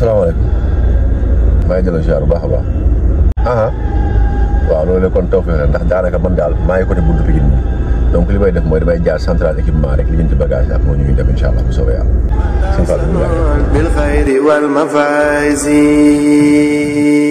salaamaaleykum maa ngi jëloon ziar bu baax a baax ah waaw loolu kon taw fexe ndax daanaka man daal maa ngi côté buntu bi gin donc li may def mooy damay jaar central équipement rek li jëm ci bagage ak moo ñu ngi dem incha allah bu soobee yàlla. sëñ Fallou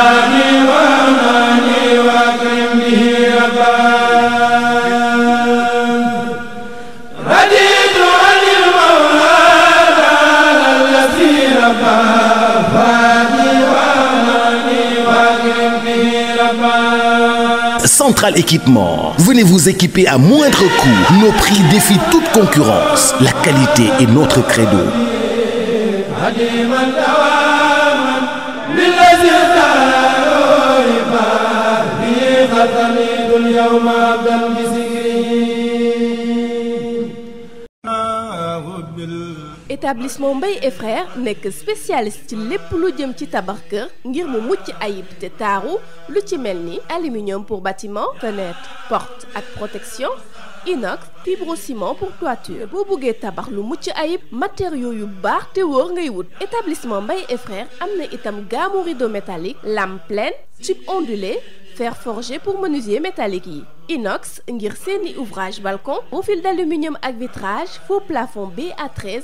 Central Équipement. Venez vous équiper à moindre coût. Nos prix défient toute concurrence. La qualité est notre credo. établissement Mbaye et frères nekk spécialiste ci lépp lu jëm ci tabax kër ngir mu mucc ayib te taaru lu ci mel ni aluminium pour bâtiment fenêtre porte ak protection inox fibrociment pour toiture boo bëggee tabax lu mucc ayib matériaux yu baax te wóor ngay wut. établissement Mbaye et am na itam gamme rideau métallique lame pleine tube ondulé fer forgé pour menuisier métallique yi. inox ngir seeni ouvrage balcon profil d'aluminium ak vitrage faux plafond BA13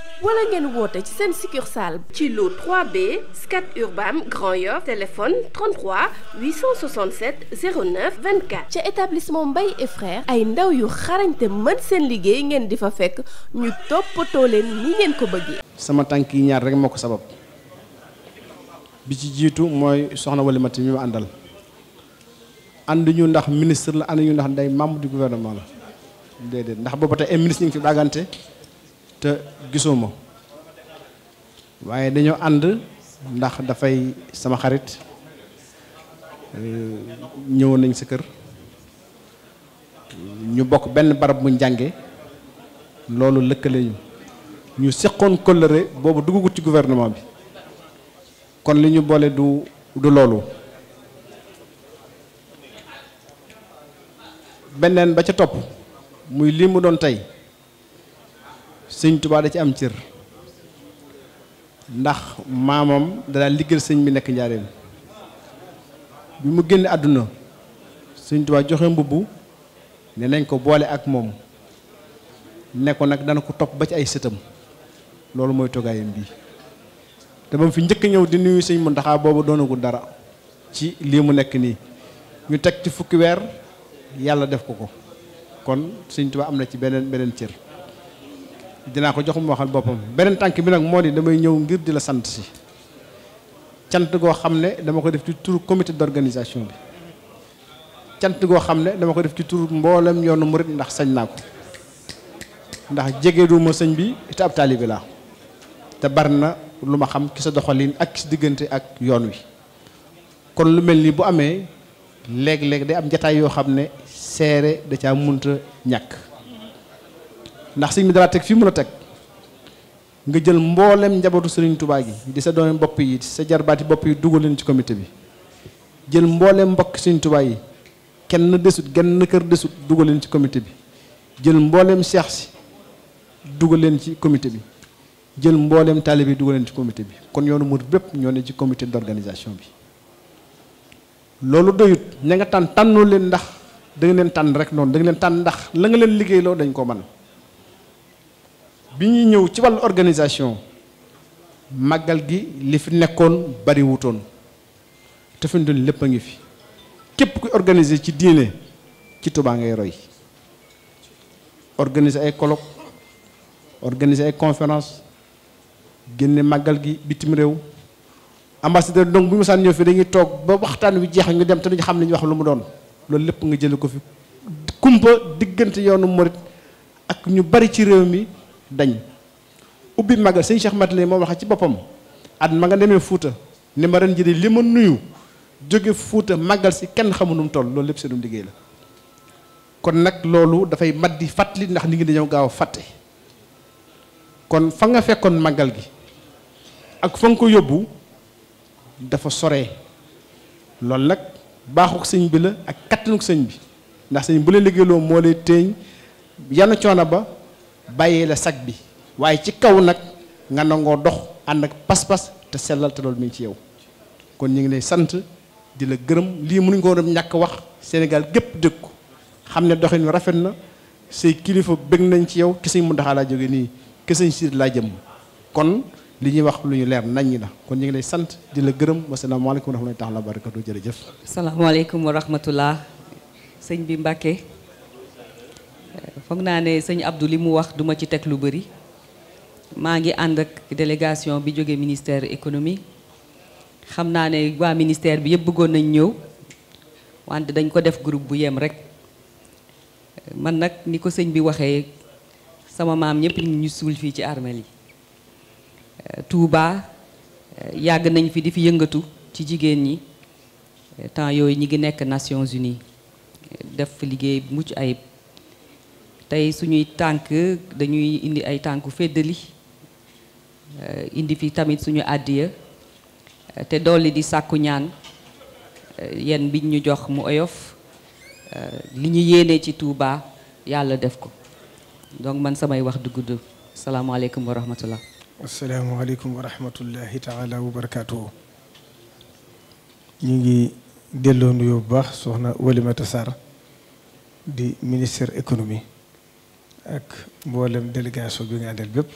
wala ngeen woote ci seen succursale ci lu 3B Scat Urbam Grand Yoff téléphone ca établissement Mbaye et ay ndaw yu xarañte mën seen liggéey ngeen di fa fekk ñu toppatoo leen ni ngeen ko bëggee sama tànk yi ñaar rek moo ko sabab bi ci jiitu mooy soxna Walimati mi ma àndal ñu ndax ministre la ànduñu ndax day membre du gouvernement la déedéet ndax booba tey ay ministre fi daagante te gisuma waaye dañoo ànd ndax dafay sama xarit euh, ñëwoon nañ sa kër ñu bokk benn barab bu njànge loolu lëkkale ñu ñu seqoon kóllëre boobu dugugut ci gouvernement bi kon li ñu boole du du loolu beneen ba ca topp muy lii mu doon tey sëñ Tuubaa da ci am cër ndax maamam da daan liggéeyal sëñ bi nekk njaareem bi mu génn àdduna sëñ Tuubaa joxe mbubb ne nañ ko boole ak moom ne ko nag dana ko topp ba ci ay sëtam loolu mooy togaayam bi te ba fi njëkk ñëw di nuyu sëñ Muntaxa boobu doonagul dara ci lii mu nekk nii ñu teg ci fukki weer yàlla def ko ko kon sëñ Tuubaa am na ci beneen beneen cër dinaa ko jox mu waxal boppam beneen tànk bi nag moo di damay ñëw ngir di la sant si cant goo xam ne dama ko def ci turu comité d'organisation bi cant goo xam ne dama ko def ci turu mboolem yoonu murit ndax sañ naa ko ndax jegeeduma sañ bi te ab taalibe laa te bari na lu ma xam ki sa doxalin ak ki diggante ak yoon wi kon lu mel nii bu amee léeg-léeg day am jataay yoo xam ne seere da caa munta ñàkk ndax sëñ bi dalaa teg fii mun a teg nga jël mboolem njabootu sëriñ tubaay gi di sa doone bopp yi sa jarbaati bopp yi dugal leen ci comité bi jël mboolem mbokk sëriñ kenn desut genn kër desut dugal leen ci comité bi jël mboolem seex si dugal leen ci comité bi jël mboolem taalibe yi dugal leen ci comité bi kon yoonu murid bépp ñoo ne ci comité d'organisation bi loolu doyut ña nga tànn tànnoo leen ndax da nga leen tànn rek noonu da leen tànn ndax la nga leen liggéeyloo dañ ko mën bi ñuy ñëw ci wàllu organisation màggal gi li fi nekkoon bari wutoon te fi doon lépp a ngi fi képp ku organiser ci diine ci Tuubaa ngay roy organiser ay colloque organiser ay conférence génne màggal gi bitim réew ambassadeur donc bu ñu mosaan ñëw fi dañuy toog ba waxtaan wi jeex ñu dem te ñu xam li ñu wax lu mu doon loolu lépp nga jële ko fi kumpa diggante yoonu murit ak ñu bari ci réew mi dañ ubbi magal sëñ Cheikh Matelé moo wax ci boppam at ma nga demee Fuuta ni ma ren jëlee li ma nuyu jóge Fuuta magal si kenn xamu nu mu toll loolu lépp seenum liggéey la kon nag loolu dafay mat di fàttali ndax nit ñi dañoo gaaw a fàtte kon fa nga fekkoon magal gi ak fa nga ko yóbbu dafa sore loolu nag baaxuk sëñ bi la ak kattanuk sëñ bi ndax sëñ bu la liggéeyloo moo lay téeñ yan coono ba bàyyee la sag bi waaye ci kaw nag nga nangoo dox ànd ak pas-pas te sellal te loolu mi ngi ci yow kon ñu ngi lay sant di la gërëm lii mu mënuñ ko doon ñàkk wax Sénégal gépp dëkk xam ne doxin rafet na say kilifa bëgg nañ ci yow kese mu daxaa laa jóge nii kese ñu laa jëm kon li ñuy wax lu ñu leer nañ ñi la kon ñu ngi lay sant di la gërëm wasalaamaaleykum wa rahmatullahi taala wa barakatu jërëjëf. asalaamaaleykum wa rahmatullah sëñ bi Mbàkke foog naa ne sëñ Abdou li mu wax duma ci teg lu bëri maa ngi ànd ak délégation bi jóge ministère économie xam naa ne waa ministère bi yëpp bëggoon nañ ñëw wante dañ ko def groupe bu yem rek man nag ni ko sëñ bi waxee sama maam ñëpp ñu suul fii ci armeel yi Touba yàgg nañ fi di fi yëngatu ci jigéen ñi temps yooyu ñi ngi nekk Nations Unies def liggéey bu mucc ayib tey suñuy tànk dañuy indi ay tànku féddali euh, indi fi tamit suñu àddiya euh, te dolli di sàkku ñaan euh, yenn bi ñu jox mu oyof li ñu yéene ci tuubaa yàlla def ko donc man samay wax du gudd salaamaaleykum wa rahmatullah asalaamaaleykum wa rahmatullahi taala wa barakaatuhu ñu ngi delloo nuyoo bu baax soxna Walimata Sarr di ministère économie ak mboolem délégation bi nga àndal bépp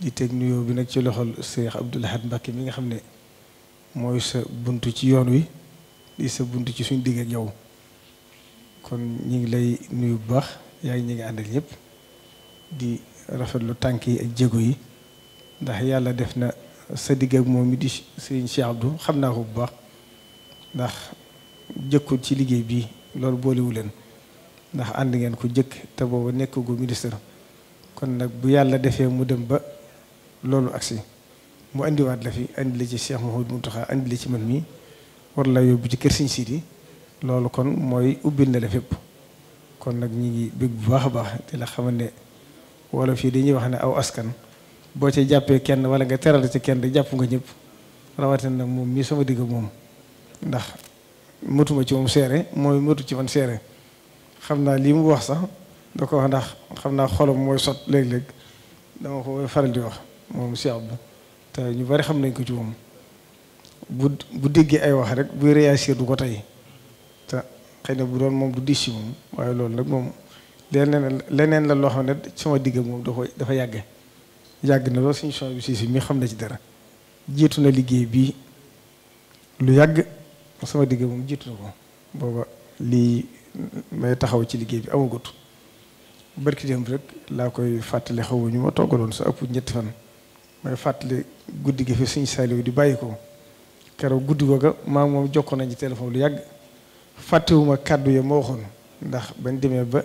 di teg nuyoo bi nag ci loxol Cheikh Abdoul Ahad mi nga xam ne mooy sa bunt ci yoon wi di sa buntu ci suñ digg ak yow kon ñu ngi lay nuyu bu baax yaa ngi ñu ngi àndal ñëpp di rafetlu tànk yi ak jéego yi ndax yàlla def na sa digg ak moom mi di sëriñ Cheikh Abdou xam naa ko bu baax ndax jëkkul ci liggéey bi loolu boolewu leen ndax ànd ngeen ko jëkk te booba nekkagu ministre kon nag bu yàlla defee mu dem ba loolu agsi mu indiwaat la fi andi la ci Cheikh Mouhamadou Mountakha man mii war la yóbbu ci kër Sëriñ Sidi loolu kon mooy ubbil na la fépp kon nag ñu ngi bég bu baax a baax di la xamal ne wala fii dañuy wax ne aw askan boo ci jàppee kenn wala nga teral ci kenn jàpp nga ñëpp rawatina nag moom mii sama digg moom ndax matuma ci moom seere mooy matu ci man seere xam naa lii mu wax sax da ko ndax xam naa xolam mooy sot léeg-léeg dama ko faral di wax moom Cheikh Abdou te ñu bari xam nañ ko ci moom bu bu déggee ay wax rek buy réagir du ko tey te xëy na bu doon moom du diis ci moom waaye loolu nag moom leneen leneen la loo xam ne sama digg moom da dafa yàgg yàgg na lool suñu son bi si si mi xam na ci dara jiitu na liggéey bii lu yàgg sama digg moom jiitu na ko booba lii may taxaw ci liggéey bi gudd barki démb rek laa koy fàttali xaw ñu ma toggaloon sa ëpp ñetti fan may fàttali guddi gi fi suñu wi di bàyyi ko keroog guddi googa maa moom jokkoon nañ ci téléphone lu yàgg fàttewuma kàddu ya ma waxoon ndax bañ demee ba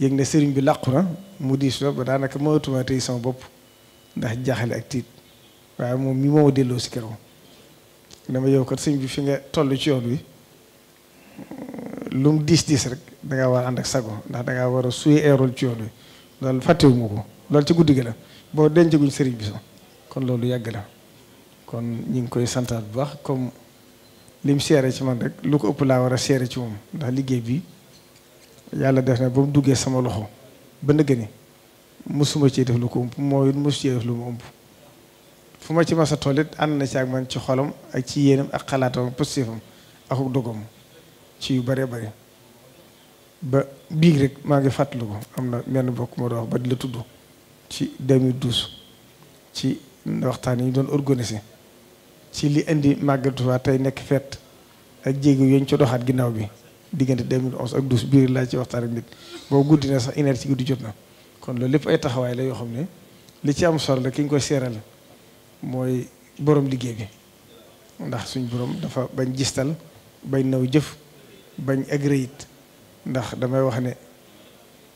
yëg ne sëriñ bi làqu na mu diis la ba daanaka mënatuma tey sama bopp ndax jaaxale ak tiit waaye moom mi moo delloo si keroog dama yow kat sëñ bi fi nga toll ci yoon wi lu mu diis diis rek da ngaa war a ànd ak sago ndax dangaa war a suy eerul ci yoon wi loolu fàttewu ma loolu ci guddi gi la boo dencaguñ sëriñ bi so kon loolu yàgg la kon ñu ngi koy santaat bu baax comme lim seere ci man rek lu ko ëpp laa war a seere ci moom ndax liggéey bi yàlla def na ba mu duggee sama loxo ba nëgg ni mosuma cee def lu ko ëmp mooy mosu cee def lu mu ëmp fu ma ci mas sa toll it ànd na ci ak man ci xolom ak ci yéenam ak xalaatam positifam ak dogom ci yu bare bare ba biig rek maa ngi fàttaliku am na menn bokk moo doon wax ba di la tudd ci 2012 ci waxtaan yi ñu doon organisé ci li indi màggal Tuubaa tey nekk fête ak jéego yooyu ñu ci doxaat ginnaaw bi diggante 2011 ak 12 biir laaj ci waxtaan ak nit boo guddi na sax une heure ci guddi jot na kon loolu lépp ay taxawaay la yoo xam ne li ci am solo la ki ñu koy seeral mooy boroom liggéey bi ndax suñ boroom dafa bañ gistal bañ naw jëf bañ agré it ndax damay wax ne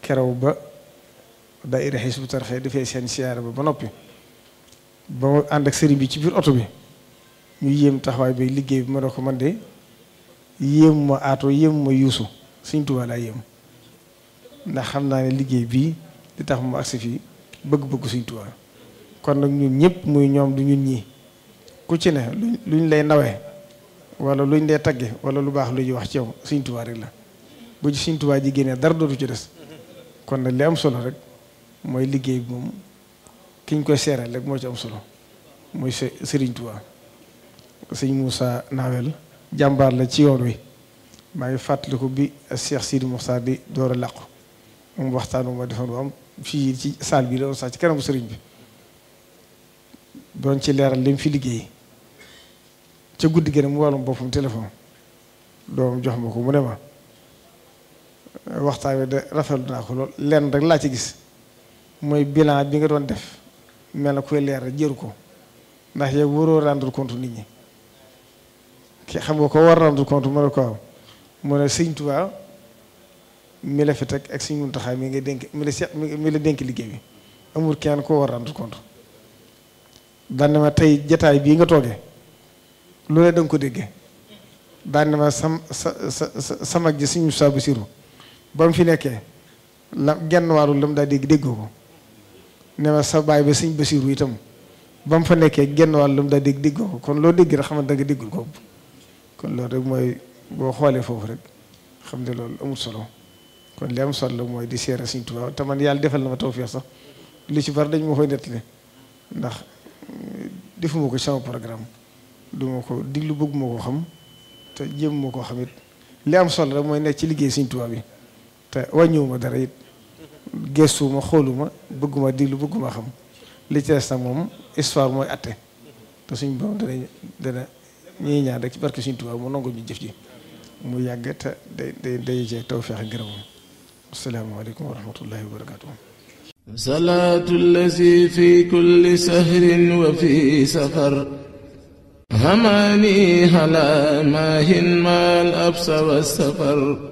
kerew ba daayira Hizbut Tarqiyyah dafay seen siyaare ba ba noppi ba ma ànd ak sëriñ bi ci biir oto bi ñu yéem taxawaay bi liggéey bi ma ne ko de yéem ma aato yéem ma yuusu Sëriñ Tuubaa laa yéem ndax xam naa ne liggéey bii li tax mu agsi fii bëgg-bëgg Sëriñ Tuubaa kon nag ñun ñëpp muy ñoom du ñun ñi ku ci ne luñ luñ lay nawee wala luñ dee tagge wala lu baax lu ñuy wax ci yow Sëriñ Tuubaa rek la bu ci Sëriñ Tuubaa ji génnee dara dootu ci des kon nag li am solo rek mooy liggéey bi moom kiñ koy seeral rek moo ci am solo mooy Sëriñ Tuubaa sëñ Moussa Nawel jàmbaar la ci yoon wi maa ngi fàttaliku bi Cheikh Sidi Moussa di door a làqu moom waxtaan moo defoon ba am fii ci saal bi la woon sax ci kanamu sëriñ bi doon ci leeral li mu fi liggéey ca guddi gi mu wàllum boppam téléphone doom jox ma ko mu ne ma waxtaan wi de rafetlu naa ko lool lenn rek laa ci gis mooy bilan bi nga doon def mel na koy leer jëru ko ndax yow waroo rendre compte nit ñi ki xam nga ko war rendre compte mu ne ko waaw mu ne sëñ Tuubaa mi la fi teg ak sëñ Muntaxaa mi nga dénk mi la seq mi la dénk liggéey bi amul kenn koo war rendre compte daan ma tey jataay bii nga toogee lu ne ko dégge daan na ma sam sa sa sa mag ji suñu saabu siru ba mu fi nekkee la genn waalu la mu daa dégg déggoo ko ne ma sa baay ba suñ basiru itam ba mu fa nekkee genn wàllu la mu daa dégg déggoo ko kon loo dégg rek xam déggul ko kon loolu rek mooy boo xoolee foofu rek xam ne loolu amul solo kon li am la mooy di seere suñ tubaab te man yàlla defal na ma tawfeex sax li ci bari dañ moo koy nettali ndax defuma ko sama programme. duma ko diglu bëgg moo ko xam te jéem moo ko xam it li am solo rek mooy nekk ci liggéey Sëriñ Tuubaa yi te wàññiwuma dara it gëstuwuma xooluma bëgguma diglu bëgguma xam li ci des moom histoire mooy atte te suñ borom ñaan rek ci barke Sëriñ Tuubaa mu nangu ñu jëf ji mu yàgg te day day day jeeg tawfeex ak ngërëmam asalaamaaleykum wa wa barakaatu. salaatu lazi fi kulli sahrin wa fi safar هماني هلا ما هن ما الأبس والسفر